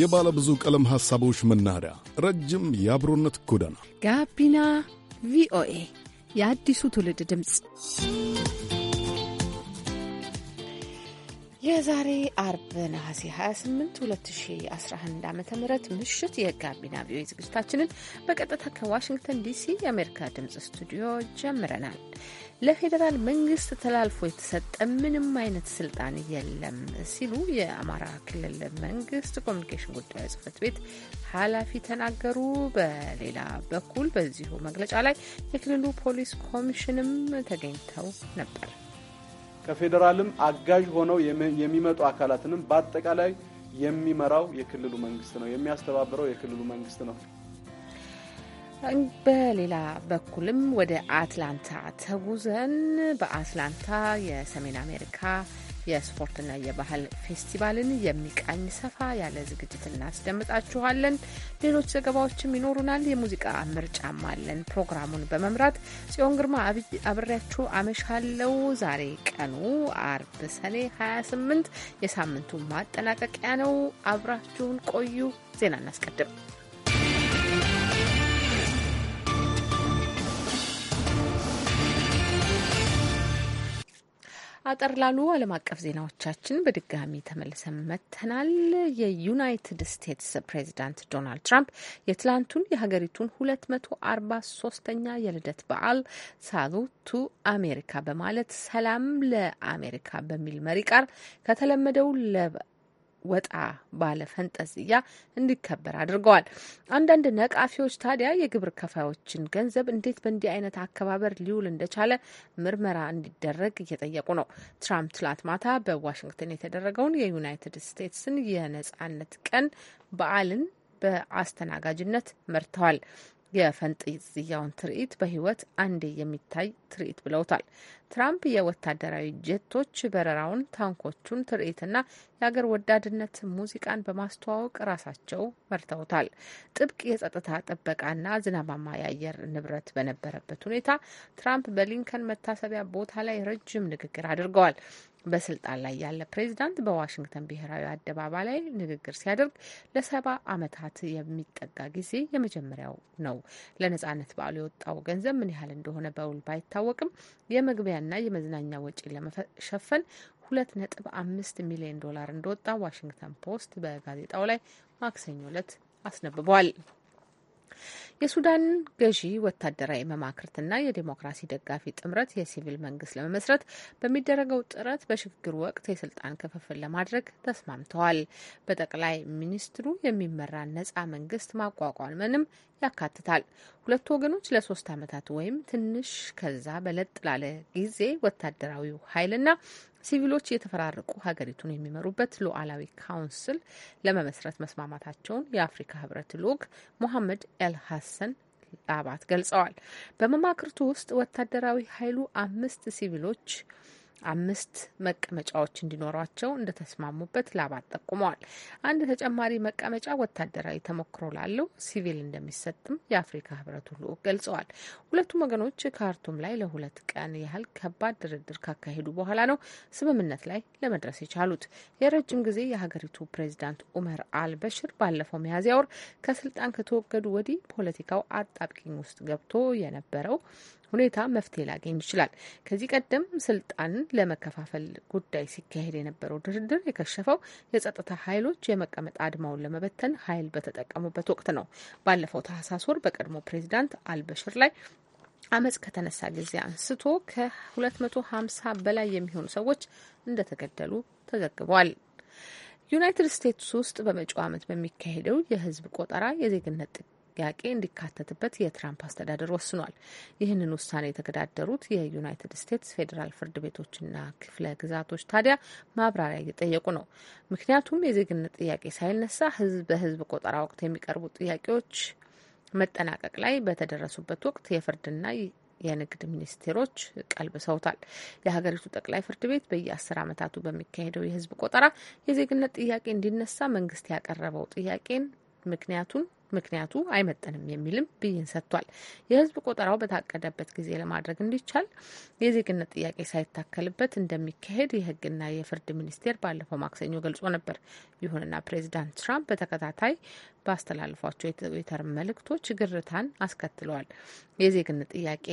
የባለ ብዙ ቀለም ሐሳቦች መናኸሪያ፣ ረጅም የአብሮነት ጎዳና፣ ጋቢና ቪኦኤ የአዲሱ ትውልድ ድምፅ። የዛሬ አርብ ነሐሴ 28 2011 ዓ ም ምሽት የጋቢና ቪኦኤ ዝግጅታችንን በቀጥታ ከዋሽንግተን ዲሲ የአሜሪካ ድምፅ ስቱዲዮ ጀምረናል። ለፌዴራል መንግስት ተላልፎ የተሰጠ ምንም አይነት ስልጣን የለም ሲሉ የአማራ ክልል መንግስት ኮሚኒኬሽን ጉዳዮች ጽህፈት ቤት ኃላፊ ተናገሩ። በሌላ በኩል በዚሁ መግለጫ ላይ የክልሉ ፖሊስ ኮሚሽንም ተገኝተው ነበር። ከፌዴራልም አጋዥ ሆነው የሚመጡ አካላትንም በአጠቃላይ የሚመራው የክልሉ መንግስት ነው፣ የሚያስተባብረው የክልሉ መንግስት ነው። በሌላ በኩልም ወደ አትላንታ ተጉዘን በአትላንታ የሰሜን አሜሪካ የስፖርትና የባህል ፌስቲቫልን የሚቃኝ ሰፋ ያለ ዝግጅት እናስደምጣችኋለን። ሌሎች ዘገባዎችም ይኖሩናል። የሙዚቃ ምርጫም አለን። ፕሮግራሙን በመምራት ጽዮን ግርማ አብሬያችሁ አመሻለው። ዛሬ ቀኑ አርብ ሰኔ 28 የሳምንቱ ማጠናቀቂያ ነው። አብራችሁን ቆዩ። ዜና እናስቀድም። አጠር ላሉ ዓለም አቀፍ ዜናዎቻችን በድጋሚ ተመልሰን መጥተናል። የዩናይትድ ስቴትስ ፕሬዚዳንት ዶናልድ ትራምፕ የትላንቱን የሀገሪቱን ሁለት መቶ አርባ ሶስተኛ የልደት በዓል ሳሉቱ አሜሪካ በማለት ሰላም ለአሜሪካ በሚል መሪ ቃል ከተለመደው ወጣ ባለ ፈንጠዝያ እንዲከበር አድርገዋል። አንዳንድ ነቃፊዎች ታዲያ የግብር ከፋዮችን ገንዘብ እንዴት በእንዲህ አይነት አከባበር ሊውል እንደቻለ ምርመራ እንዲደረግ እየጠየቁ ነው። ትራምፕ ትላንት ማታ በዋሽንግተን የተደረገውን የዩናይትድ ስቴትስን የነጻነት ቀን በዓልን በአስተናጋጅነት መርተዋል። የፈንጥዝያውን ትርኢት በህይወት አንዴ የሚታይ ትርኢት ብለውታል። ትራምፕ የወታደራዊ ጀቶች በረራውን፣ ታንኮቹን ትርኢትና የአገር ወዳድነት ሙዚቃን በማስተዋወቅ ራሳቸው መርተውታል። ጥብቅ የጸጥታ ጥበቃና ዝናባማ የአየር ንብረት በነበረበት ሁኔታ ትራምፕ በሊንከን መታሰቢያ ቦታ ላይ ረጅም ንግግር አድርገዋል። በስልጣን ላይ ያለ ፕሬዚዳንት በዋሽንግተን ብሔራዊ አደባባይ ላይ ንግግር ሲያደርግ ለሰባ ዓመታት የሚጠጋ ጊዜ የመጀመሪያው ነው። ለነጻነት በዓሉ የወጣው ገንዘብ ምን ያህል እንደሆነ በውል ባይታወቅም የመግቢያና የመዝናኛ ወጪ ለመሸፈን ሁለት ነጥብ አምስት ሚሊዮን ዶላር እንደወጣ ዋሽንግተን ፖስት በጋዜጣው ላይ ማክሰኞ ዕለት አስነብቧል። የሱዳን ገዢ ወታደራዊ መማክርትና የዴሞክራሲ ደጋፊ ጥምረት የሲቪል መንግስት ለመመስረት በሚደረገው ጥረት በሽግግር ወቅት የስልጣን ክፍፍል ለማድረግ ተስማምተዋል። በጠቅላይ ሚኒስትሩ የሚመራ ነጻ መንግስት ማቋቋምንም ያካትታል። ሁለቱ ወገኖች ለሶስት ዓመታት ወይም ትንሽ ከዛ በለጥ ላለ ጊዜ ወታደራዊው ኃይልና ሲቪሎች የተፈራረቁ ሀገሪቱን የሚመሩበት ሉዓላዊ ካውንስል ለመመስረት መስማማታቸውን የአፍሪካ ህብረት ልዑክ ሞሐመድ ኤል ሀሰን ላባት ገልጸዋል። በመማክርቱ ውስጥ ወታደራዊ ኃይሉ አምስት ሲቪሎች አምስት መቀመጫዎች እንዲኖሯቸው እንደተስማሙበት ላባት ጠቁመዋል። አንድ ተጨማሪ መቀመጫ ወታደራዊ ተሞክሮ ላለው ሲቪል እንደሚሰጥም የአፍሪካ ህብረቱ ልዑክ ገልጸዋል። ሁለቱም ወገኖች ካርቱም ላይ ለሁለት ቀን ያህል ከባድ ድርድር ካካሄዱ በኋላ ነው ስምምነት ላይ ለመድረስ የቻሉት። የረጅም ጊዜ የሀገሪቱ ፕሬዚዳንት ኡመር አልበሽር ባለፈው ሚያዝያ ወር ከስልጣን ከተወገዱ ወዲህ ፖለቲካው አጣብቂኝ ውስጥ ገብቶ የነበረው ሁኔታ መፍትሄ ላገኝ ይችላል። ከዚህ ቀደም ስልጣን ለመከፋፈል ጉዳይ ሲካሄድ የነበረው ድርድር የከሸፈው የጸጥታ ኃይሎች የመቀመጥ አድማውን ለመበተን ኃይል በተጠቀሙበት ወቅት ነው። ባለፈው ታህሳስ ወር በቀድሞ ፕሬዚዳንት አልበሽር ላይ አመፅ ከተነሳ ጊዜ አንስቶ ከ250 በላይ የሚሆኑ ሰዎች እንደተገደሉ ተዘግቧል። ዩናይትድ ስቴትስ ውስጥ በመጪው ዓመት በሚካሄደው የህዝብ ቆጠራ የዜግነት ጥያቄ እንዲካተትበት የትራምፕ አስተዳደር ወስኗል። ይህንን ውሳኔ የተገዳደሩት የዩናይትድ ስቴትስ ፌዴራል ፍርድ ቤቶችና ክፍለ ግዛቶች ታዲያ ማብራሪያ እየጠየቁ ነው። ምክንያቱም የዜግነት ጥያቄ ሳይነሳ ህዝብ በህዝብ ቆጠራ ወቅት የሚቀርቡ ጥያቄዎች መጠናቀቅ ላይ በተደረሱበት ወቅት የፍርድና የንግድ ሚኒስቴሮች ቀልብሰውታል። የሀገሪቱ ጠቅላይ ፍርድ ቤት በየአስር ዓመታቱ በሚካሄደው የህዝብ ቆጠራ የዜግነት ጥያቄ እንዲነሳ መንግስት ያቀረበው ጥያቄን ምክንያቱን ምክንያቱ አይመጠንም የሚልም ብይን ሰጥቷል። የህዝብ ቆጠራው በታቀደበት ጊዜ ለማድረግ እንዲቻል የዜግነት ጥያቄ ሳይታከልበት እንደሚካሄድ የህግና የፍርድ ሚኒስቴር ባለፈው ማክሰኞ ገልጾ ነበር። ይሁንና ፕሬዚዳንት ትራምፕ በተከታታይ ባስተላልፏቸው የትዊተር መልእክቶች ግርታን አስከትለዋል። የዜግነት ጥያቄ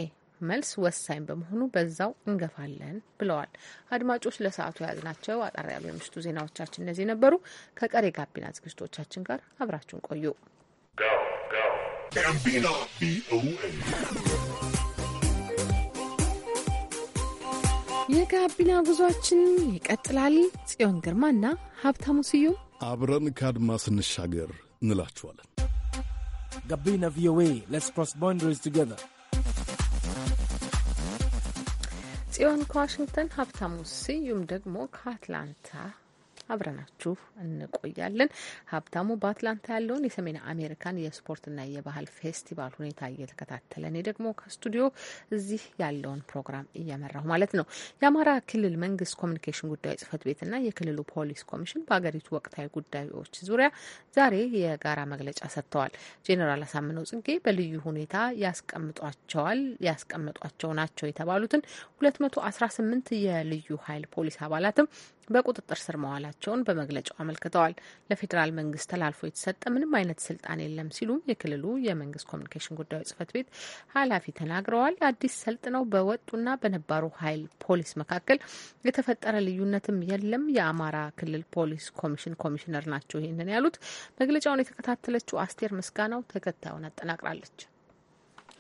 መልስ ወሳኝ በመሆኑ በዛው እንገፋለን ብለዋል። አድማጮች ለሰዓቱ የያዝናቸው አጠር ያሉ የምሽቱ ዜናዎቻችን እነዚህ ነበሩ። ከቀሪ ጋቢና ዝግጅቶቻችን ጋር አብራችሁን ቆዩ። የጋቢና ጉዟችን ይቀጥላል። ጽዮን ግርማና ሀብታሙ ስዩም አብረን ከአድማ ስንሻገር እንላችኋለን። ጋቢና ቪኦኤ ሌትስ ክሮስ ቦንደሪስ ቱጌዘር ጽዮን ከዋሽንግተን ሀብታሙ ስዩም ደግሞ ከአትላንታ አብረናችሁ እንቆያለን። ሀብታሙ በአትላንታ ያለውን የሰሜን አሜሪካን የስፖርትና የባህል ፌስቲቫል ሁኔታ እየተከታተለ እኔ ደግሞ ከስቱዲዮ እዚህ ያለውን ፕሮግራም እየመራሁ ማለት ነው። የአማራ ክልል መንግስት ኮሚኒኬሽን ጉዳዮች ጽህፈት ቤትና የክልሉ ፖሊስ ኮሚሽን በሀገሪቱ ወቅታዊ ጉዳዮች ዙሪያ ዛሬ የጋራ መግለጫ ሰጥተዋል። ጄኔራል አሳምነው ጽጌ በልዩ ሁኔታ ያስቀምጧቸዋል ያስቀምጧቸው ናቸው የተባሉትን ስምንት የልዩ ኃይል ፖሊስ አባላትም በቁጥጥር ስር መዋላቸውን በመግለጫው አመልክተዋል። ለፌዴራል መንግስት ተላልፎ የተሰጠ ምንም አይነት ስልጣን የለም ሲሉም የክልሉ የመንግስት ኮሚኒኬሽን ጉዳዮች ጽህፈት ቤት ኃላፊ ተናግረዋል። አዲስ ሰልጥነው በወጡና በነባሩ ኃይል ፖሊስ መካከል የተፈጠረ ልዩነትም የለም። የአማራ ክልል ፖሊስ ኮሚሽን ኮሚሽነር ናቸው ይህንን ያሉት። መግለጫውን የተከታተለችው አስቴር ምስጋናው ተከታዩን አጠናቅራለች።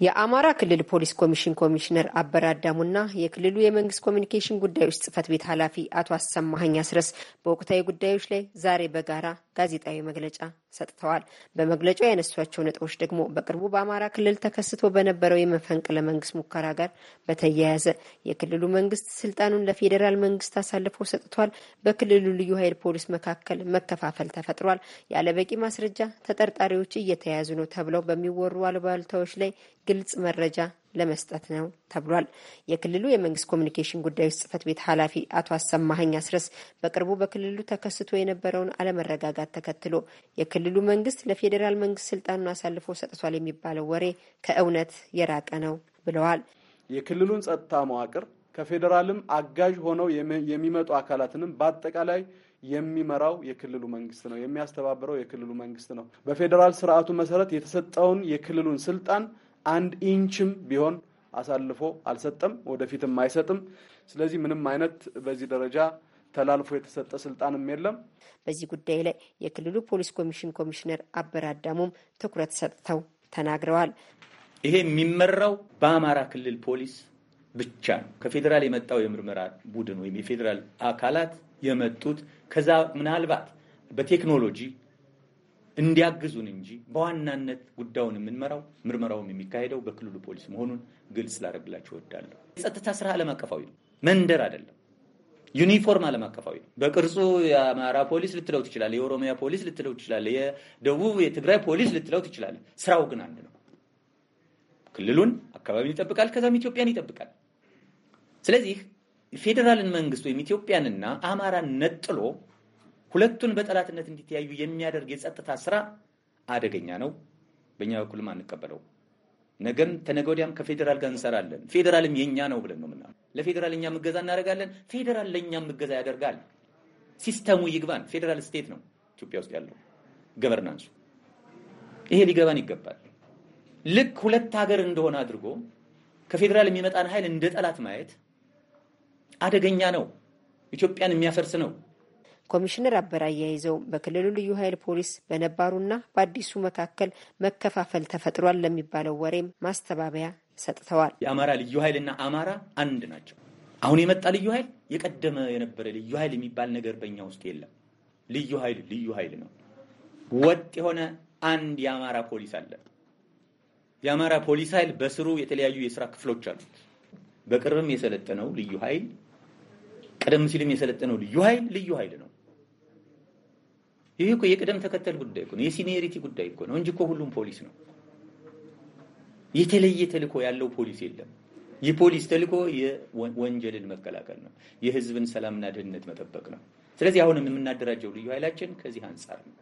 የአማራ ክልል ፖሊስ ኮሚሽን ኮሚሽነር አበራዳሙ አዳሙና የክልሉ የመንግስት ኮሚኒኬሽን ጉዳዮች ጽህፈት ቤት ኃላፊ አቶ አሰማሀኝ አስረስ በወቅታዊ ጉዳዮች ላይ ዛሬ በጋራ ጋዜጣዊ መግለጫ ሰጥተዋል። በመግለጫው ያነሷቸው ነጥቦች ደግሞ በቅርቡ በአማራ ክልል ተከስቶ በነበረው የመፈንቅለ መንግስት ሙከራ ጋር በተያያዘ የክልሉ መንግስት ስልጣኑን ለፌዴራል መንግስት አሳልፎ ሰጥቷል፣ በክልሉ ልዩ ኃይል ፖሊስ መካከል መከፋፈል ተፈጥሯል፣ ያለበቂ ማስረጃ ተጠርጣሪዎች እየተያዙ ነው ተብለው በሚወሩ አልባልታዎች ላይ ግልጽ መረጃ ለመስጠት ነው ተብሏል። የክልሉ የመንግስት ኮሚኒኬሽን ጉዳዮች ጽህፈት ቤት ኃላፊ አቶ አሰማሀኝ አስረስ በቅርቡ በክልሉ ተከስቶ የነበረውን አለመረጋጋት ተከትሎ የክልሉ መንግስት ለፌዴራል መንግስት ስልጣኑን አሳልፎ ሰጥቷል የሚባለው ወሬ ከእውነት የራቀ ነው ብለዋል። የክልሉን ጸጥታ መዋቅር ከፌዴራልም አጋዥ ሆነው የሚመጡ አካላትንም በአጠቃላይ የሚመራው የክልሉ መንግስት ነው፣ የሚያስተባብረው የክልሉ መንግስት ነው። በፌዴራል ስርዓቱ መሰረት የተሰጠውን የክልሉን ስልጣን አንድ ኢንችም ቢሆን አሳልፎ አልሰጠም፣ ወደፊትም አይሰጥም። ስለዚህ ምንም አይነት በዚህ ደረጃ ተላልፎ የተሰጠ ስልጣንም የለም። በዚህ ጉዳይ ላይ የክልሉ ፖሊስ ኮሚሽን ኮሚሽነር አበራ አዳሙም ትኩረት ሰጥተው ተናግረዋል። ይሄ የሚመራው በአማራ ክልል ፖሊስ ብቻ ነው። ከፌዴራል የመጣው የምርመራ ቡድን ወይም የፌዴራል አካላት የመጡት ከዛ ምናልባት በቴክኖሎጂ እንዲያግዙን እንጂ በዋናነት ጉዳዩን የምንመራው ምርመራውም የሚካሄደው በክልሉ ፖሊስ መሆኑን ግልጽ ላደርግላቸው እወዳለሁ። የጸጥታ ስራ ዓለም አቀፋዊ ነው፣ መንደር አይደለም። ዩኒፎርም ዓለም አቀፋዊ ነው። በቅርጹ የአማራ ፖሊስ ልትለው ትችላለ፣ የኦሮሚያ ፖሊስ ልትለው ትችላለ፣ የደቡብ የትግራይ ፖሊስ ልትለው ትችላለ። ስራው ግን አንድ ነው። ክልሉን አካባቢን ይጠብቃል፣ ከዛም ኢትዮጵያን ይጠብቃል። ስለዚህ ፌዴራልን መንግስት ወይም ኢትዮጵያንና አማራን ነጥሎ ሁለቱን በጠላትነት እንዲተያዩ የሚያደርግ የጸጥታ ስራ አደገኛ ነው። በእኛ በኩልም አንቀበለው። ነገም ተነገ ወዲያም ከፌዴራል ጋር እንሰራለን። ፌዴራልም የኛ ነው ብለን ነው ምና ለፌዴራል እኛም ምገዛ እናደርጋለን። ፌዴራል ለእኛም ምገዛ ያደርጋል። ሲስተሙ ይግባን። ፌዴራል ስቴት ነው ኢትዮጵያ ውስጥ ያለው ገቨርናንሱ። ይሄ ሊገባን ይገባል። ልክ ሁለት ሀገር እንደሆነ አድርጎ ከፌዴራል የሚመጣን ኃይል እንደ ጠላት ማየት አደገኛ ነው። ኢትዮጵያን የሚያፈርስ ነው። ኮሚሽነር አበራ አያይዘው በክልሉ ልዩ ኃይል ፖሊስ በነባሩና በአዲሱ መካከል መከፋፈል ተፈጥሯል ለሚባለው ወሬም ማስተባበያ ሰጥተዋል። የአማራ ልዩ ኃይልና አማራ አንድ ናቸው። አሁን የመጣ ልዩ ኃይል የቀደመ የነበረ ልዩ ኃይል የሚባል ነገር በእኛ ውስጥ የለም። ልዩ ኃይል ልዩ ኃይል ነው። ወጥ የሆነ አንድ የአማራ ፖሊስ አለ። የአማራ ፖሊስ ኃይል በስሩ የተለያዩ የስራ ክፍሎች አሉት። በቅርብም የሰለጠነው ልዩ ኃይል ቀደም ሲልም የሰለጠነው ልዩ ኃይል ልዩ ኃይል ነው። ይህ እኮ የቅደም ተከተል ጉዳይ እኮ ነው። የሲኒየሪቲ ጉዳይ እኮ ነው እንጂ እኮ ሁሉም ፖሊስ ነው። የተለየ ተልእኮ ያለው ፖሊስ የለም። የፖሊስ ተልእኮ የወንጀልን መከላከል ነው፣ የህዝብን ሰላምና ደህንነት መጠበቅ ነው። ስለዚህ አሁንም የምናደራጀው ልዩ ኃይላችን ከዚህ አንጻር ነው።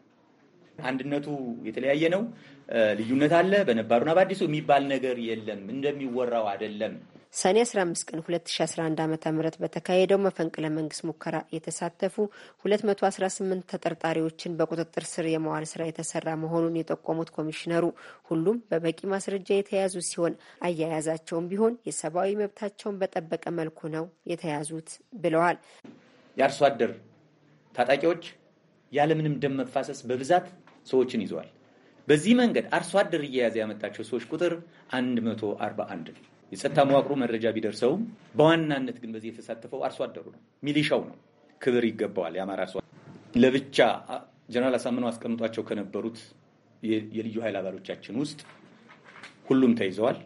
አንድነቱ የተለያየ ነው፣ ልዩነት አለ። በነባሩና በአዲሱ የሚባል ነገር የለም፣ እንደሚወራው አይደለም። ሰኔ 15 ቀን 2011 ዓ ም በተካሄደው መፈንቅለ መንግስት ሙከራ የተሳተፉ 218 ተጠርጣሪዎችን በቁጥጥር ስር የመዋል ስራ የተሰራ መሆኑን የጠቆሙት ኮሚሽነሩ ሁሉም በበቂ ማስረጃ የተያዙ ሲሆን አያያዛቸውም ቢሆን የሰብአዊ መብታቸውን በጠበቀ መልኩ ነው የተያዙት ብለዋል። የአርሶ አደር ታጣቂዎች ያለምንም ደም መፋሰስ በብዛት ሰዎችን ይዘዋል። በዚህ መንገድ አርሶ አደር እየያዘ ያመጣቸው ሰዎች ቁጥር 141 ነው። የጸጥታ መዋቅሩ መረጃ ቢደርሰውም በዋናነት ግን በዚህ የተሳተፈው አርሶ አደሩ ነው፣ ሚሊሻው ነው። ክብር ይገባዋል። የአማራ አርሶ ለብቻ ጀነራል አሳምነው አስቀምጧቸው ከነበሩት የልዩ ኃይል አባሎቻችን ውስጥ ሁሉም ተይዘዋል።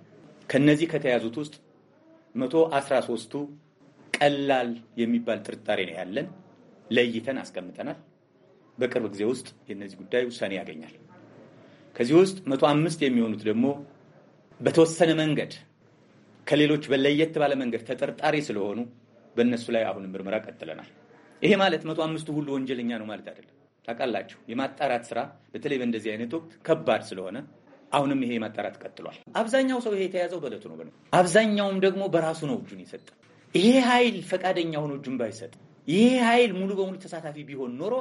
ከነዚህ ከተያዙት ውስጥ መቶ አስራ ሶስቱ ቀላል የሚባል ጥርጣሬ ነው ያለን ለይተን አስቀምጠናል። በቅርብ ጊዜ ውስጥ የነዚህ ጉዳይ ውሳኔ ያገኛል። ከዚህ ውስጥ መቶ አምስት የሚሆኑት ደግሞ በተወሰነ መንገድ ከሌሎች በለየት ባለ መንገድ ተጠርጣሪ ስለሆኑ በእነሱ ላይ አሁን ምርመራ ቀጥለናል። ይሄ ማለት መቶ አምስቱ ሁሉ ወንጀለኛ ነው ማለት አይደለም። ታውቃላችሁ፣ የማጣራት ስራ በተለይ በእንደዚህ አይነት ወቅት ከባድ ስለሆነ አሁንም ይሄ የማጣራት ቀጥሏል። አብዛኛው ሰው ይሄ የተያዘው በለቱ ነው። አብዛኛውም ደግሞ በራሱ ነው እጁን የሰጠ። ይሄ ኃይል ፈቃደኛ ሆኖ እጁን ባይሰጥ፣ ይሄ ኃይል ሙሉ በሙሉ ተሳታፊ ቢሆን ኖሮ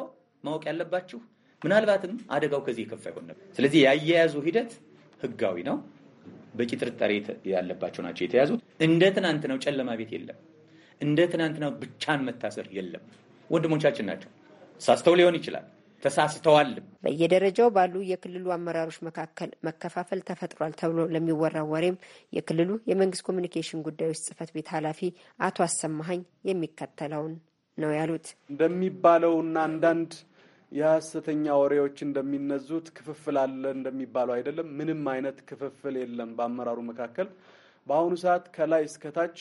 ማወቅ ያለባችሁ ምናልባትም አደጋው ከዚህ የከፋ ይሆን ነበር። ስለዚህ ያያያዙ ሂደት ህጋዊ ነው። በቂ ጥርጣሬ ያለባቸው ናቸው የተያዙት። እንደ ትናንት ነው ጨለማ ቤት የለም። እንደ ትናንት ነው ብቻን መታሰር የለም። ወንድሞቻችን ናቸው። ሳስተው ሊሆን ይችላል ተሳስተዋል። በየደረጃው ባሉ የክልሉ አመራሮች መካከል መከፋፈል ተፈጥሯል ተብሎ ለሚወራወሬም ወሬም የክልሉ የመንግስት ኮሚኒኬሽን ጉዳዮች ጽህፈት ቤት ኃላፊ አቶ አሰማሀኝ የሚከተለውን ነው ያሉት። እንደሚባለውና አንዳንድ የሐሰተኛ ወሬዎች እንደሚነዙት ክፍፍል አለ እንደሚባለው አይደለም። ምንም አይነት ክፍፍል የለም በአመራሩ መካከል። በአሁኑ ሰዓት ከላይ እስከታች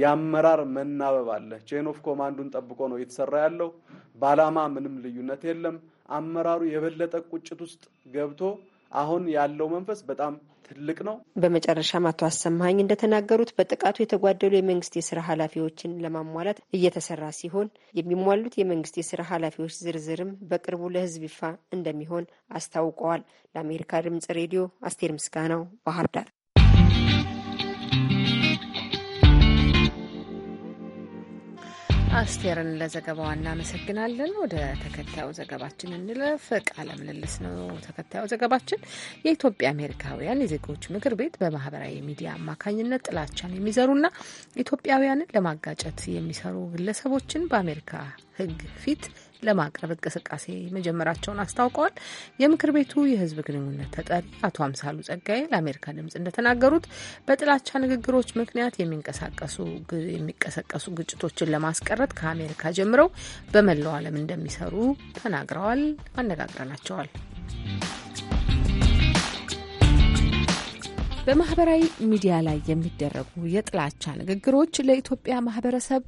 የአመራር መናበብ አለ። ቼን ኦፍ ኮማንዱን ጠብቆ ነው እየተሰራ ያለው። በዓላማ ምንም ልዩነት የለም። አመራሩ የበለጠ ቁጭት ውስጥ ገብቶ አሁን ያለው መንፈስ በጣም ትልቅ ነው። በመጨረሻም አቶ አሰማኝ እንደተናገሩት በጥቃቱ የተጓደሉ የመንግስት የስራ ኃላፊዎችን ለማሟላት እየተሰራ ሲሆን የሚሟሉት የመንግስት የስራ ኃላፊዎች ዝርዝርም በቅርቡ ለህዝብ ይፋ እንደሚሆን አስታውቀዋል። ለአሜሪካ ድምጽ ሬዲዮ አስቴር ምስጋናው ባህር ዳር። አስቴርን ለዘገባዋ እናመሰግናለን። ወደ ተከታዩ ዘገባችን እንለፍ። ቃለ ምልልስ ነው ተከታዩ ዘገባችን። የኢትዮጵያ አሜሪካውያን የዜጎች ምክር ቤት በማህበራዊ ሚዲያ አማካኝነት ጥላቻን የሚዘሩና ኢትዮጵያውያንን ለማጋጨት የሚሰሩ ግለሰቦችን በአሜሪካ ሕግ ፊት ለማቅረብ እንቅስቃሴ መጀመራቸውን አስታውቀዋል። የምክር ቤቱ የህዝብ ግንኙነት ተጠሪ አቶ አምሳሉ ጸጋዬ ለአሜሪካ ድምጽ እንደተናገሩት በጥላቻ ንግግሮች ምክንያት የሚንቀሳቀሱ የሚቀሰቀሱ ግጭቶችን ለማስቀረት ከአሜሪካ ጀምረው በመላው ዓለም እንደሚሰሩ ተናግረዋል። አነጋግረናቸዋል። በማህበራዊ ሚዲያ ላይ የሚደረጉ የጥላቻ ንግግሮች ለኢትዮጵያ ማህበረሰብ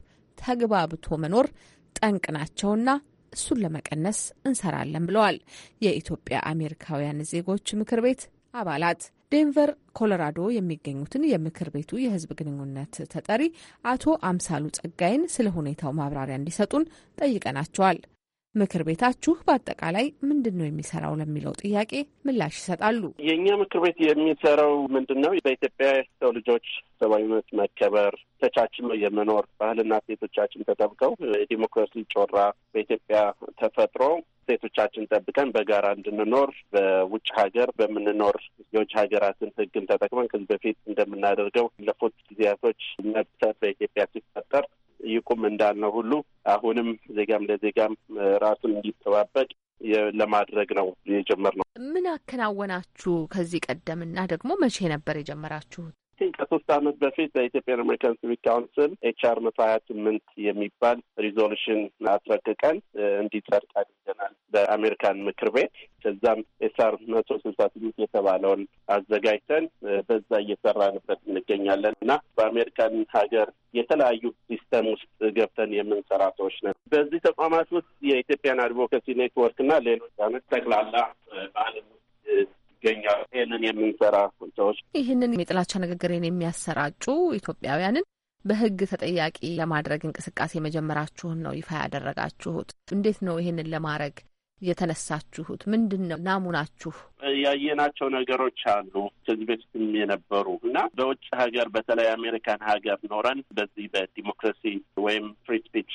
ተግባብቶ መኖር ጠንቅ ናቸውና እሱን ለመቀነስ እንሰራለን ብለዋል የኢትዮጵያ አሜሪካውያን ዜጎች ምክር ቤት አባላት። ዴንቨር ኮሎራዶ የሚገኙትን የምክር ቤቱ የህዝብ ግንኙነት ተጠሪ አቶ አምሳሉ ጸጋይን ስለ ሁኔታው ማብራሪያ እንዲሰጡን ጠይቀናቸዋል። ምክር ቤታችሁ በአጠቃላይ ምንድን ነው የሚሰራው ለሚለው ጥያቄ ምላሽ ይሰጣሉ። የእኛ ምክር ቤት የሚሰራው ምንድን ነው? በኢትዮጵያ ሰው ልጆች ሰብአዊ መብት መከበር ተቻችሎ የመኖር ባህልና ሴቶቻችን ተጠብቀው የዲሞክራሲ ጮራ በኢትዮጵያ ተፈጥሮ ሴቶቻችን ጠብቀን በጋራ እንድንኖር በውጭ ሀገር በምንኖር የውጭ ሀገራትን ሕግን ተጠቅመን ከዚህ በፊት እንደምናደርገው ለፉት ጊዜያቶች መብት በኢትዮጵያ ሲፈጠር ይቁም እንዳልነው ሁሉ አሁንም ዜጋም ለዜጋም ራሱን እንዲተባበቅ ለማድረግ ነው የጀመርነው። ምን አከናወናችሁ ከዚህ ቀደምና ደግሞ መቼ ነበር የጀመራችሁት? ከሶስት ዓመት በፊት በኢትዮጵያን አሜሪካን ሲቪክ ካውንስል ኤች አር መቶ ሀያ ስምንት የሚባል ሪዞሉሽን አስረቅቀን እንዲጸድቅ አድርገናል በአሜሪካን ምክር ቤት። ከዛም ኤች አር መቶ ስልሳ ስምንት የተባለውን አዘጋጅተን በዛ እየሰራንበት እንገኛለን እና በአሜሪካን ሀገር የተለያዩ ሲስተም ውስጥ ገብተን የምንሰራ ሰዎች ነን። በዚህ ተቋማት ውስጥ የኢትዮጵያን አድቮካሲ ኔትወርክ እና ሌሎች አመት ጠቅላላ በዓለም ይገኛል። ይህንን የምንሰራ ሰዎች ይህንን የጥላቻ ንግግርን የሚያሰራጩ ኢትዮጵያውያንን በህግ ተጠያቂ ለማድረግ እንቅስቃሴ መጀመራችሁን ነው ይፋ ያደረጋችሁት። እንዴት ነው ይህንን ለማድረግ የተነሳችሁት? ምንድን ነው ናሙናችሁ? ያየናቸው ነገሮች አሉ ከዚህ በፊትም የነበሩ እና በውጭ ሀገር በተለይ አሜሪካን ሀገር ኖረን በዚህ በዲሞክራሲ ወይም ፍሪ ስፒች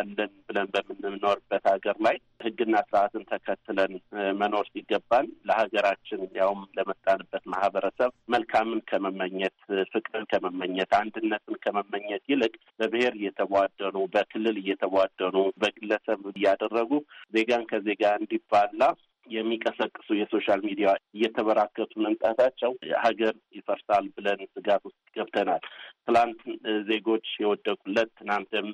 አለን ብለን በምንኖርበት ሀገር ላይ ህግና ስርዓትን ተከትለን መኖር ሲገባን ለሀገራችን እንዲያውም ለመጣንበት ማህበረሰብ መልካምን ከመመኘት፣ ፍቅርን ከመመኘት፣ አንድነትን ከመመኘት ይልቅ በብሔር እየተቧደኑ በክልል እየተቧደኑ በግለሰብ እያደረጉ ዜጋን ከዜጋ እንዲባላ የሚቀሰቅሱ የሶሻል ሚዲያ እየተበራከቱ መምጣታቸው ሀገር ይፈርሳል ብለን ስጋት ውስጥ ገብተናል። ትላንት ዜጎች የወደቁለት ትናንትም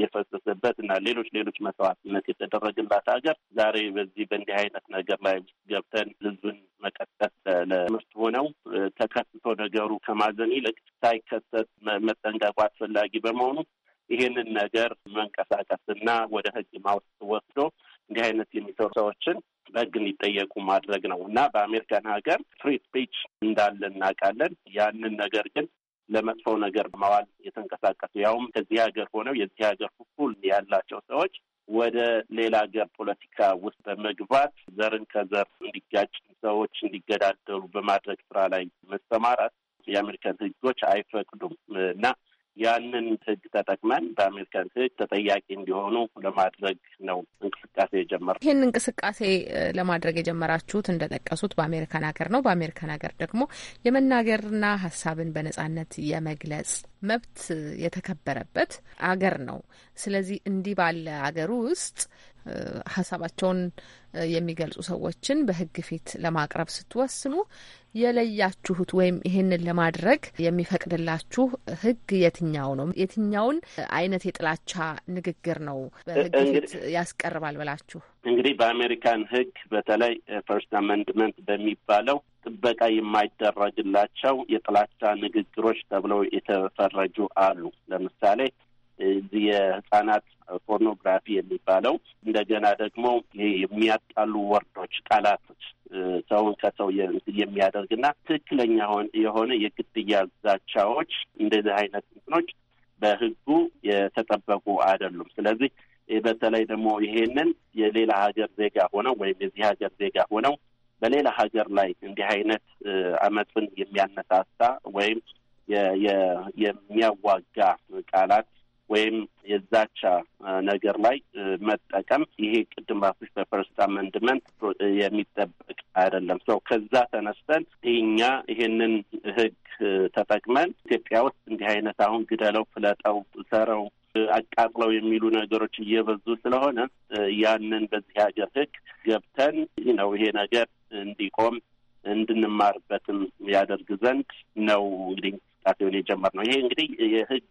የፈሰሰበት እና ሌሎች ሌሎች መስዋዕትነት የተደረገላት ሀገር ዛሬ በዚህ በእንዲህ አይነት ነገር ላይ ገብተን ህዝብን መቀጠት ለምርት ሆነው ተከስቶ ነገሩ ከማዘን ይልቅ ሳይከሰት መጠንቀቁ አስፈላጊ በመሆኑ ይህንን ነገር መንቀሳቀስ እና ወደ ህግ ማውስ ወስዶ እንዲህ አይነት የሚሰሩ ሰዎችን በህግ እንዲጠየቁ ማድረግ ነው እና በአሜሪካን ሀገር ፍሪ ስፒች እንዳለ እናውቃለን። ያንን ነገር ግን ለመጥፎ ነገር ማዋል የተንቀሳቀሱ ያውም ከዚህ ሀገር ሆነው የዚህ ሀገር እኩል ያላቸው ሰዎች ወደ ሌላ ሀገር ፖለቲካ ውስጥ በመግባት ዘርን ከዘር እንዲጋጭ፣ ሰዎች እንዲገዳደሉ በማድረግ ስራ ላይ መሰማራት የአሜሪካን ሕጎች አይፈቅዱም እና ያንን ህግ ተጠቅመን በአሜሪካን ህግ ተጠያቂ እንዲሆኑ ለማድረግ ነው እንቅስቃሴ የጀመረ። ይህን እንቅስቃሴ ለማድረግ የጀመራችሁት እንደጠቀሱት በአሜሪካን ሀገር ነው። በአሜሪካን ሀገር ደግሞ የመናገርና ሀሳብን በነጻነት የመግለጽ መብት የተከበረበት አገር ነው። ስለዚህ እንዲህ ባለ አገር ውስጥ ሀሳባቸውን የሚገልጹ ሰዎችን በህግ ፊት ለማቅረብ ስትወስኑ የለያችሁት ወይም ይህንን ለማድረግ የሚፈቅድላችሁ ህግ የትኛው ነው? የትኛውን አይነት የጥላቻ ንግግር ነው በህግፊት ፊት ያስቀርባል ብላችሁ? እንግዲህ በአሜሪካን ህግ በተለይ ፈርስት አመንድመንት በሚባለው ጥበቃ የማይደረግላቸው የጥላቻ ንግግሮች ተብለው የተፈረጁ አሉ። ለምሳሌ የህጻናት ፖርኖግራፊ የሚባለው እንደገና ደግሞ የሚያጣሉ ወርዶች፣ ቃላቶች ሰውን ከሰው የሚያደርግና ትክክለኛ የሆነ የግድያ ዛቻዎች እንደዚህ አይነት እንትኖች በህጉ የተጠበቁ አይደሉም። ስለዚህ በተለይ ደግሞ ይሄንን የሌላ ሀገር ዜጋ ሆነው ወይም የዚህ ሀገር ዜጋ ሆነው በሌላ ሀገር ላይ እንዲህ አይነት አመፅን የሚያነሳሳ ወይም የሚያዋጋ ቃላት ወይም የዛቻ ነገር ላይ መጠቀም ይሄ ቅድም ባልኩሽ በፈርስት አመንድመንት የሚጠበቅ አይደለም። ሰው ከዛ ተነስተን እኛ ይሄንን ህግ ተጠቅመን ኢትዮጵያ ውስጥ እንዲህ አይነት አሁን ግደለው፣ ፍለጠው፣ ሰረው፣ አቃጥለው የሚሉ ነገሮች እየበዙ ስለሆነ ያንን በዚህ ሀገር ህግ ገብተን ነው ይሄ ነገር እንዲቆም እንድንማርበትም ያደርግ ዘንድ ነው እንግዲህ እንቅስቃሴውን የጀመርነው። ይሄ እንግዲህ የህግ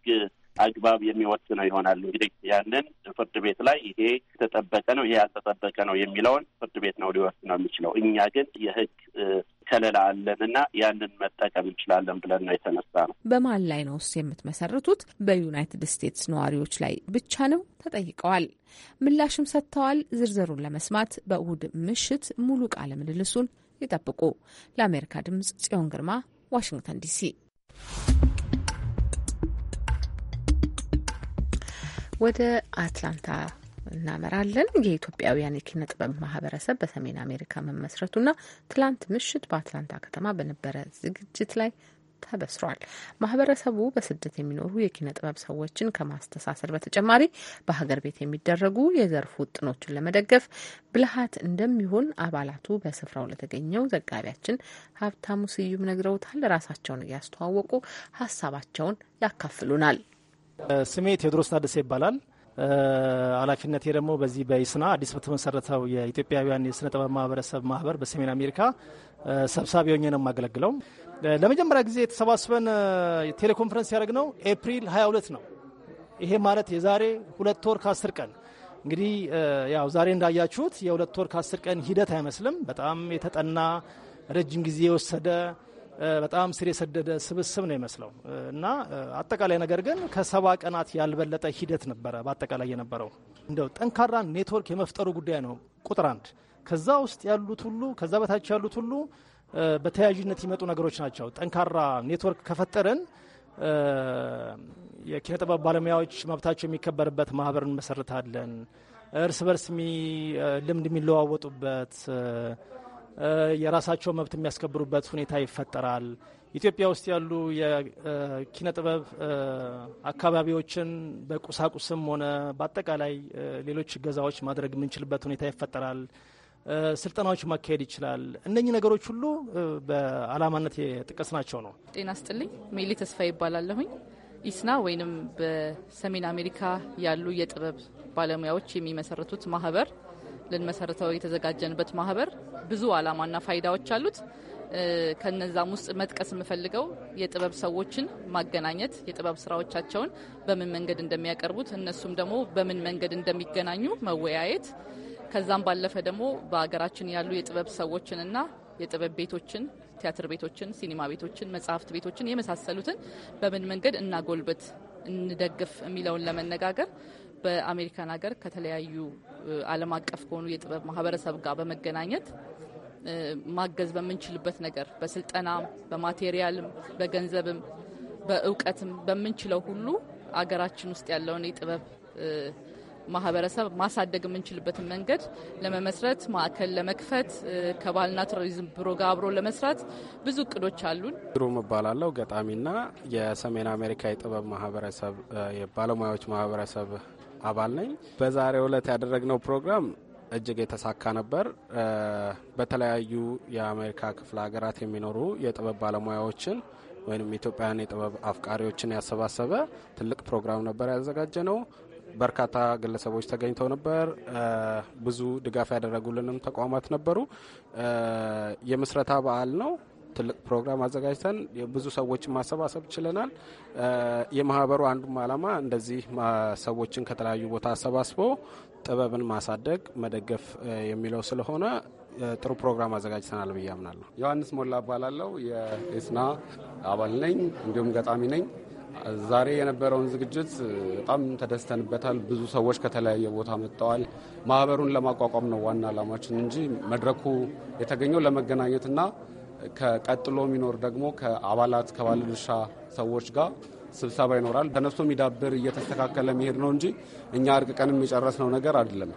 አግባብ የሚወስነው ይሆናል። እንግዲህ ያንን ፍርድ ቤት ላይ ይሄ የተጠበቀ ነው፣ ይሄ ያልተጠበቀ ነው የሚለውን ፍርድ ቤት ነው ሊወስነው የሚችለው። እኛ ግን የህግ ከለላ አለንና ያንን መጠቀም እንችላለን ብለን ነው የተነሳ ነው። በማን ላይ ነው ነውስ የምትመሰርቱት? በዩናይትድ ስቴትስ ነዋሪዎች ላይ ብቻ ነው? ተጠይቀዋል። ምላሽም ሰጥተዋል። ዝርዝሩን ለመስማት በእሁድ ምሽት ሙሉ ቃለ ምልልሱን ይጠብቁ። ለአሜሪካ ድምጽ ጽዮን ግርማ ዋሽንግተን ዲሲ ወደ አትላንታ እናመራለን። የኢትዮጵያውያን የኪነ ጥበብ ማህበረሰብ በሰሜን አሜሪካ መመስረቱና ትላንት ምሽት በአትላንታ ከተማ በነበረ ዝግጅት ላይ ተበስሯል። ማህበረሰቡ በስደት የሚኖሩ የኪነ ጥበብ ሰዎችን ከማስተሳሰር በተጨማሪ በሀገር ቤት የሚደረጉ የዘርፉ ውጥኖችን ለመደገፍ ብልሃት እንደሚሆን አባላቱ በስፍራው ለተገኘው ዘጋቢያችን ሀብታሙ ስዩም ነግረውታል። ራሳቸውን እያስተዋወቁ ሀሳባቸውን ያካፍሉናል። ስሜ ቴዎድሮስ ታደሰ ይባላል። ኃላፊነቴ ደግሞ በዚህ በይስና አዲስ በተመሰረተው የኢትዮጵያውያን የስነ ጥበብ ማህበረሰብ ማህበር በሰሜን አሜሪካ ሰብሳቢ ሆኜ ነው የማገለግለው። ለመጀመሪያ ጊዜ የተሰባስበን ቴሌኮንፈረንስ ያደረግነው ኤፕሪል 22 ነው። ይሄ ማለት የዛሬ ሁለት ወር ከአስር ቀን እንግዲህ ያው ዛሬ እንዳያችሁት የሁለት ወር ከአስር ቀን ሂደት አይመስልም። በጣም የተጠና ረጅም ጊዜ የወሰደ በጣም ስር የሰደደ ስብስብ ነው ይመስለው እና አጠቃላይ ነገር ግን ከሰባ ቀናት ያልበለጠ ሂደት ነበረ። በአጠቃላይ የነበረው እንደው ጠንካራ ኔትወርክ የመፍጠሩ ጉዳይ ነው ቁጥር አንድ። ከዛ ውስጥ ያሉት ሁሉ ከዛ በታች ያሉት ሁሉ በተያያዥነት ይመጡ ነገሮች ናቸው። ጠንካራ ኔትወርክ ከፈጠርን የኪነ ጥበብ ባለሙያዎች መብታቸው የሚከበርበት ማህበር እንመሰርታለን። እርስ በርስ ልምድ የሚለዋወጡበት የራሳቸው መብት የሚያስከብሩበት ሁኔታ ይፈጠራል። ኢትዮጵያ ውስጥ ያሉ የኪነ ጥበብ አካባቢዎችን በቁሳቁስም ሆነ በአጠቃላይ ሌሎች እገዛዎች ማድረግ የምንችልበት ሁኔታ ይፈጠራል። ስልጠናዎች ማካሄድ ይችላል። እነኚህ ነገሮች ሁሉ በአላማነት ናቸው ነው። ጤና ስጥልኝ። ሜሊ ተስፋ ይባላለሁኝ። ኢስና ወይንም በሰሜን አሜሪካ ያሉ የጥበብ ባለሙያዎች የሚመሰረቱት ማህበር ልንመሰርተው የተዘጋጀንበት ማህበር ብዙ አላማና ፋይዳዎች አሉት። ከነዛም ውስጥ መጥቀስ የምፈልገው የጥበብ ሰዎችን ማገናኘት፣ የጥበብ ስራዎቻቸውን በምን መንገድ እንደሚያቀርቡት እነሱም ደግሞ በምን መንገድ እንደሚገናኙ መወያየት፣ ከዛም ባለፈ ደግሞ በሀገራችን ያሉ የጥበብ ሰዎችንና የጥበብ ቤቶችን ቲያትር ቤቶችን፣ ሲኒማ ቤቶችን፣ መጽሐፍት ቤቶችን የመሳሰሉትን በምን መንገድ እናጎልበት፣ እንደግፍ የሚለውን ለመነጋገር በአሜሪካን ሀገር ከተለያዩ ዓለም አቀፍ ከሆኑ የጥበብ ማህበረሰብ ጋር በመገናኘት ማገዝ በምንችልበት ነገር በስልጠናም፣ በማቴሪያልም፣ በገንዘብም፣ በእውቀትም በምንችለው ሁሉ አገራችን ውስጥ ያለውን የጥበብ ማህበረሰብ ማሳደግ የምንችልበትን መንገድ ለመመስረት ማዕከል ለመክፈት ከባህልና ቱሪዝም ቢሮ ጋር አብሮ ለመስራት ብዙ እቅዶች አሉን። ግሩም እባላለሁ ገጣሚና የሰሜን አሜሪካ የጥበብ ማህበረሰብ የባለሙያዎች ማህበረሰብ አባል ነኝ። በዛሬው ዕለት ያደረግነው ፕሮግራም እጅግ የተሳካ ነበር። በተለያዩ የአሜሪካ ክፍለ ሀገራት የሚኖሩ የጥበብ ባለሙያዎችን ወይም ኢትዮጵያውያን የጥበብ አፍቃሪዎችን ያሰባሰበ ትልቅ ፕሮግራም ነበር ያዘጋጀ ነው። በርካታ ግለሰቦች ተገኝተው ነበር። ብዙ ድጋፍ ያደረጉልንም ተቋማት ነበሩ። የምስረታ በዓል ነው። ትልቅ ፕሮግራም አዘጋጅተን ብዙ ሰዎችን ማሰባሰብ ችለናል። የማህበሩ አንዱም ዓላማ እንደዚህ ሰዎችን ከተለያዩ ቦታ አሰባስቦ ጥበብን ማሳደግ፣ መደገፍ የሚለው ስለሆነ ጥሩ ፕሮግራም አዘጋጅተናል ብዬ አምናለሁ። ዮሐንስ ሞላ እባላለሁ። የኤስና አባል ነኝ፣ እንዲሁም ገጣሚ ነኝ። ዛሬ የነበረውን ዝግጅት በጣም ተደስተንበታል። ብዙ ሰዎች ከተለያየ ቦታ መጥተዋል። ማህበሩን ለማቋቋም ነው ዋና ዓላማችን እንጂ መድረኩ የተገኘው ለመገናኘትና ከቀጥሎ የሚኖር ደግሞ ከአባላት ከባለድርሻ ሰዎች ጋር ስብሰባ ይኖራል። ተነስቶ የሚዳብር እየተስተካከለ መሄድ ነው እንጂ እኛ እርቅ ቀንም የጨረስነው ነገር አይደለም።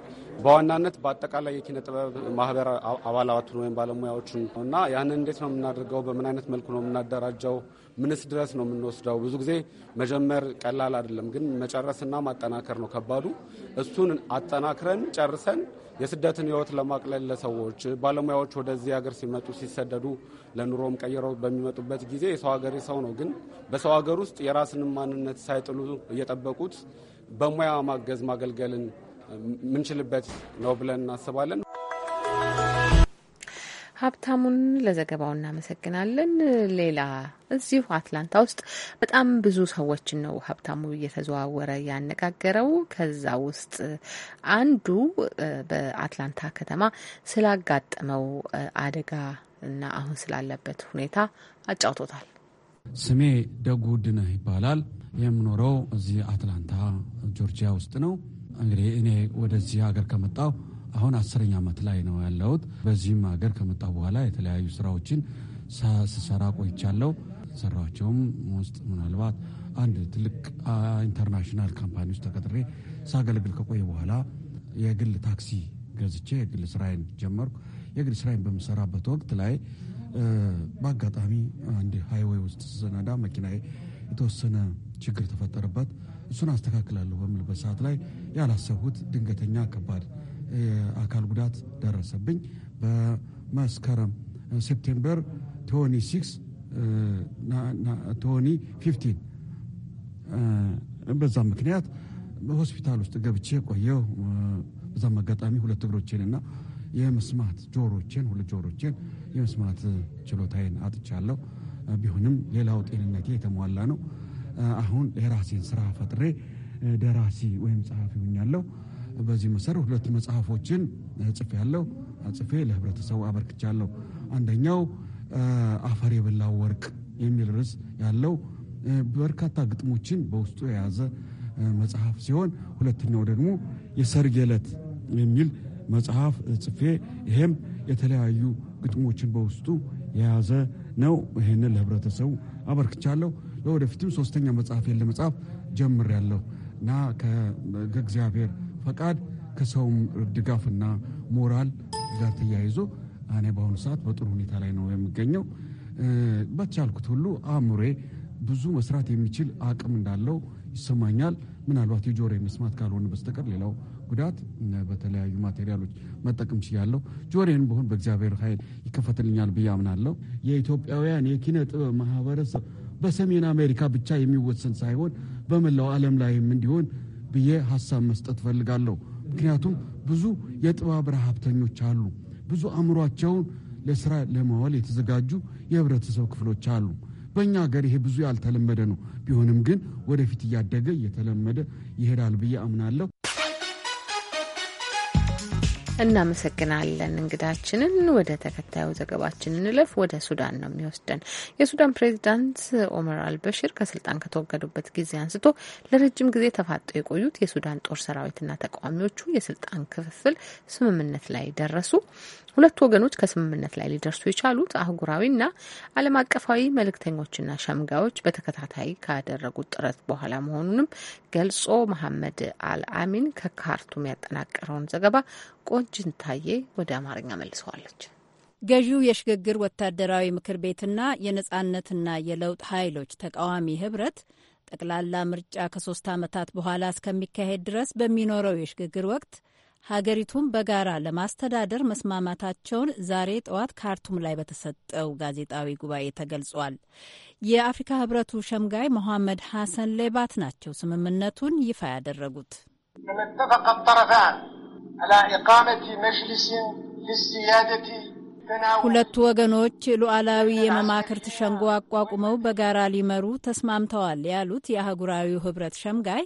በዋናነት በአጠቃላይ የኪነ ጥበብ ማህበር አባላቱን ወይም ባለሙያዎችን እና ያንን እንዴት ነው የምናደርገው፣ በምን አይነት መልኩ ነው የምናደራጀው፣ ምንስ ድረስ ነው የምንወስደው። ብዙ ጊዜ መጀመር ቀላል አይደለም፣ ግን መጨረስና ማጠናከር ነው ከባዱ። እሱን አጠናክረን ጨርሰን የስደትን ህይወት ለማቅለል ለሰዎች ባለሙያዎች ወደዚህ ሀገር ሲመጡ ሲሰደዱ ለኑሮም ቀይረው በሚመጡበት ጊዜ የሰው ሀገር ሰው ነው። ግን በሰው ሀገር ውስጥ የራስንም ማንነት ሳይጥሉ እየጠበቁት በሙያ ማገዝ ማገልገልን ምንችልበት ነው ብለን እናስባለን። ሀብታሙን ለዘገባው እናመሰግናለን። ሌላ እዚሁ አትላንታ ውስጥ በጣም ብዙ ሰዎችን ነው ሀብታሙ እየተዘዋወረ ያነጋገረው። ከዛ ውስጥ አንዱ በአትላንታ ከተማ ስላጋጠመው አደጋ እና አሁን ስላለበት ሁኔታ አጫውቶታል። ስሜ ደጉ ድነህ ይባላል። የምኖረው እዚህ አትላንታ ጆርጂያ ውስጥ ነው። እንግዲህ እኔ ወደዚህ ሀገር ከመጣው አሁን አስረኛ ዓመት ላይ ነው ያለሁት። በዚህም ሀገር ከመጣ በኋላ የተለያዩ ስራዎችን ስሰራ ቆይቻለሁ። ሰራቸውም ውስጥ ምናልባት አንድ ትልቅ ኢንተርናሽናል ካምፓኒ ውስጥ ተቀጥሬ ሳገለግል ከቆየ በኋላ የግል ታክሲ ገዝቼ የግል ስራዬን ጀመርኩ። የግል ስራዬን በምሰራበት ወቅት ላይ በአጋጣሚ አንድ ሃይዌይ ውስጥ ስነዳ መኪናዬ የተወሰነ ችግር ተፈጠረበት። እሱን አስተካክላለሁ በምልበት ሰዓት ላይ ያላሰብሁት ድንገተኛ ከባድ የአካል ጉዳት ደረሰብኝ። በመስከረም ሴፕቴምበር ቶኒ ሲክስ ቶኒ ፊፍቲን በዛ ምክንያት በሆስፒታል ውስጥ ገብቼ ቆየው። በዛ አጋጣሚ ሁለት እግሮቼን እና የመስማት ጆሮቼን ሁለት ጆሮቼን የመስማት ችሎታዬን አጥቻለሁ። ቢሆንም ሌላው ጤንነቴ የተሟላ ነው። አሁን የራሴን ስራ ፈጥሬ ደራሲ ወይም ጸሐፊ ሆኛለሁ። በዚህ መሰረት ሁለት መጽሐፎችን ጽፌ ያለው ጽፌ ለህብረተሰቡ አበርክቻለሁ። አንደኛው አፈር የበላው ወርቅ የሚል ርዕስ ያለው በርካታ ግጥሞችን በውስጡ የያዘ መጽሐፍ ሲሆን ሁለተኛው ደግሞ የሰርግ ዕለት የሚል መጽሐፍ ጽፌ ይሄም የተለያዩ ግጥሞችን በውስጡ የያዘ ነው። ይህንን ለህብረተሰቡ አበርክቻለሁ። ለወደፊትም ሶስተኛ መጽሐፍ ጀምር ያለው እና ከእግዚአብሔር ፈቃድ ከሰውም ድጋፍና ሞራል ጋር ተያይዞ እኔ በአሁኑ ሰዓት በጥሩ ሁኔታ ላይ ነው የሚገኘው። በቻልኩት ሁሉ አእምሬ ብዙ መስራት የሚችል አቅም እንዳለው ይሰማኛል። ምናልባት የጆሮ መስማት ካልሆነ በስተቀር ሌላው ጉዳት በተለያዩ ማቴሪያሎች መጠቀም ችያለሁ። ጆሬን በሆን በእግዚአብሔር ኃይል ይከፈትልኛል ብዬ አምናለሁ። የኢትዮጵያውያን የኪነ ጥበብ ማህበረሰብ በሰሜን አሜሪካ ብቻ የሚወሰን ሳይሆን በመላው ዓለም ላይም እንዲሆን ብዬ ሀሳብ መስጠት እፈልጋለሁ። ምክንያቱም ብዙ የጥበብ ረሀብተኞች አሉ። ብዙ አእምሯቸውን ለስራ ለማዋል የተዘጋጁ የህብረተሰብ ክፍሎች አሉ። በእኛ ሀገር ይሄ ብዙ ያልተለመደ ነው። ቢሆንም ግን ወደፊት እያደገ እየተለመደ ይሄዳል ብዬ አምናለሁ። እናመሰግናለን እንግዳችንን። ወደ ተከታዩ ዘገባችን እንለፍ። ወደ ሱዳን ነው የሚወስደን። የሱዳን ፕሬዚዳንት ኦመር አልበሽር ከስልጣን ከተወገዱበት ጊዜ አንስቶ ለረጅም ጊዜ ተፋጠው የቆዩት የሱዳን ጦር ሰራዊትና ተቃዋሚዎቹ የስልጣን ክፍፍል ስምምነት ላይ ደረሱ። ሁለቱ ወገኖች ከስምምነት ላይ ሊደርሱ የቻሉት አህጉራዊና ዓለም አቀፋዊ መልእክተኞችና ሸምጋዮች በተከታታይ ካደረጉት ጥረት በኋላ መሆኑንም ገልጾ መሐመድ አልአሚን ከካርቱም ያጠናቀረውን ዘገባ ቆንጅንታዬ ወደ አማርኛ መልሰዋለች። ገዢው የሽግግር ወታደራዊ ምክር ቤትና የነጻነትና የለውጥ ኃይሎች ተቃዋሚ ህብረት ጠቅላላ ምርጫ ከሶስት ዓመታት በኋላ እስከሚካሄድ ድረስ በሚኖረው የሽግግር ወቅት ሀገሪቱን በጋራ ለማስተዳደር መስማማታቸውን ዛሬ ጠዋት ካርቱም ላይ በተሰጠው ጋዜጣዊ ጉባኤ ተገልጿል። የአፍሪካ ህብረቱ ሸምጋይ መሐመድ ሐሰን ሌባት ናቸው ስምምነቱን ይፋ ያደረጉት። ምን ሁለቱ ወገኖች ሉዓላዊ የመማክርት ሸንጎ አቋቁመው በጋራ ሊመሩ ተስማምተዋል ያሉት የአህጉራዊው ህብረት ሸምጋይ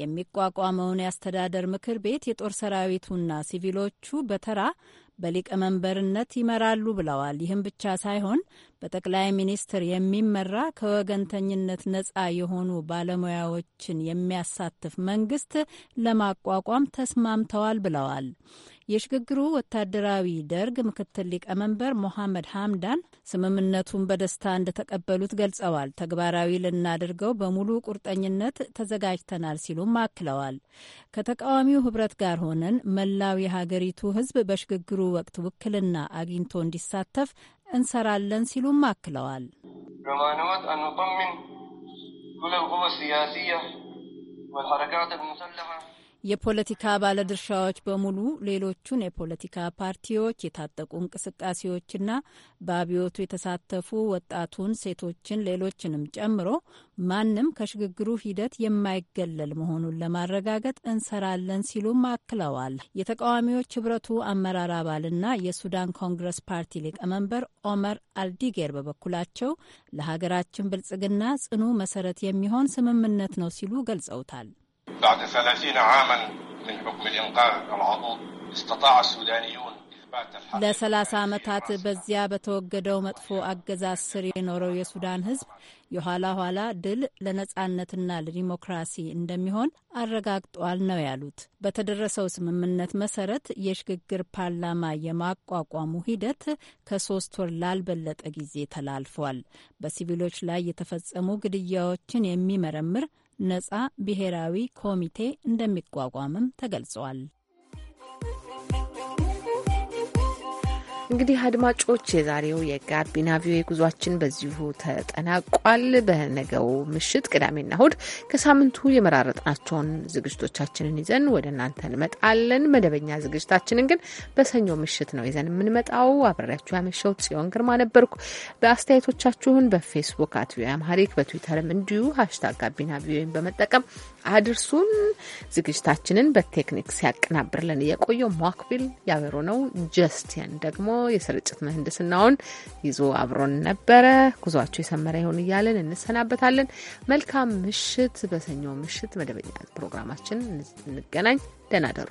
የሚቋቋመውን የአስተዳደር ምክር ቤት የጦር ሰራዊቱና ሲቪሎቹ በተራ በሊቀመንበርነት ይመራሉ ብለዋል። ይህም ብቻ ሳይሆን በጠቅላይ ሚኒስትር የሚመራ ከወገንተኝነት ነጻ የሆኑ ባለሙያዎችን የሚያሳትፍ መንግስት ለማቋቋም ተስማምተዋል ብለዋል። የሽግግሩ ወታደራዊ ደርግ ምክትል ሊቀመንበር ሞሐመድ ሀምዳን ስምምነቱን በደስታ እንደተቀበሉት ገልጸዋል። ተግባራዊ ልናደርገው በሙሉ ቁርጠኝነት ተዘጋጅተናል ሲሉም አክለዋል። ከተቃዋሚው ህብረት ጋር ሆነን መላው የሀገሪቱ ህዝብ በሽግግሩ ወቅት ውክልና አግኝቶ እንዲሳተፍ እንሰራለን ሲሉም አክለዋል። የፖለቲካ ባለድርሻዎች በሙሉ ሌሎቹን የፖለቲካ ፓርቲዎች፣ የታጠቁ እንቅስቃሴዎችና በአብዮቱ የተሳተፉ ወጣቱን፣ ሴቶችን፣ ሌሎችንም ጨምሮ ማንም ከሽግግሩ ሂደት የማይገለል መሆኑን ለማረጋገጥ እንሰራለን ሲሉም አክለዋል። የተቃዋሚዎች ህብረቱ አመራር አባልና የሱዳን ኮንግረስ ፓርቲ ሊቀመንበር ኦመር አልዲጌር በበኩላቸው ለሀገራችን ብልጽግና ጽኑ መሰረት የሚሆን ስምምነት ነው ሲሉ ገልጸውታል። بعد ثلاثين عاما من حكم الإنقاذ العضوض استطاع السودانيون ለሰላሳ ዓመታት በዚያ በተወገደው መጥፎ አገዛዝ ስር የኖረው የሱዳን ሕዝብ የኋላ ኋላ ድል ለነጻነትና ለዲሞክራሲ እንደሚሆን አረጋግጧል ነው ያሉት። በተደረሰው ስምምነት መሰረት የሽግግር ፓርላማ የማቋቋሙ ሂደት ከሶስት ወር ላልበለጠ ጊዜ ተላልፏል። በሲቪሎች ላይ የተፈጸሙ ግድያዎችን የሚመረምር ነጻ ብሔራዊ ኮሚቴ እንደሚቋቋምም ተገልጿል። እንግዲህ አድማጮች የዛሬው የጋቢና ቪዮ ጉዟችን በዚሁ ተጠናቋል። በነገው ምሽት ቅዳሜና እሁድ ከሳምንቱ የመራረጥናቸውን ዝግጅቶቻችንን ይዘን ወደ እናንተ እንመጣለን። መደበኛ ዝግጅታችንን ግን በሰኞ ምሽት ነው ይዘን የምንመጣው። አብሬያችሁ ያመሸሁት ጽዮን ግርማ ነበርኩ። በአስተያየቶቻችሁን በፌስቡክ አት ቪኦኤ አምሃሪክ በትዊተርም እንዲሁ ሀሽታግ ጋቢና ቪዮን በመጠቀም አድርሱን። ዝግጅታችንን በቴክኒክ ሲያቀናብርልን የቆየው ሞክቢል ያበሮ ነው። ጀስቲን ደግሞ የስርጭት ምህንድስናውን ይዞ አብሮን ነበረ። ጉዟቸው የሰመረ ይሆን እያለን እንሰናበታለን። መልካም ምሽት። በሰኞ ምሽት መደበኛ ፕሮግራማችን እንገናኝ። ደህና ደሩ።